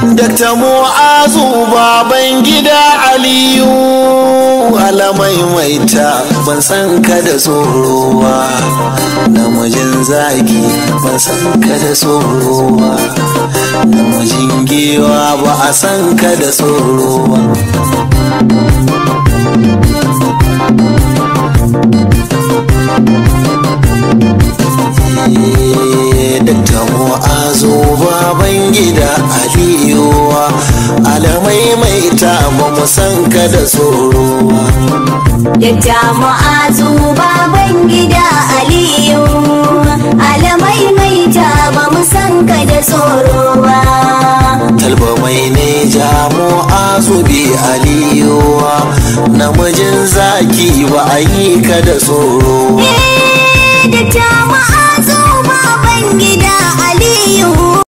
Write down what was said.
Dakta Mu'azu baban gida Aliyu alamaimaita ban san ka da tsorowa namijin zagi ban san ka da tsorowa namijin giwa ba a san ka da tsorowa eh, Dakta Mu'azu baban gida Aliyu da ta ba mu san ka da tsoro Da ya jama'atu baban gida aliyu ala ta ba mu san ka da tsoro ba talba mai ne jamu'azu bi aliyu namijin zaki ba a yi ka da tsoro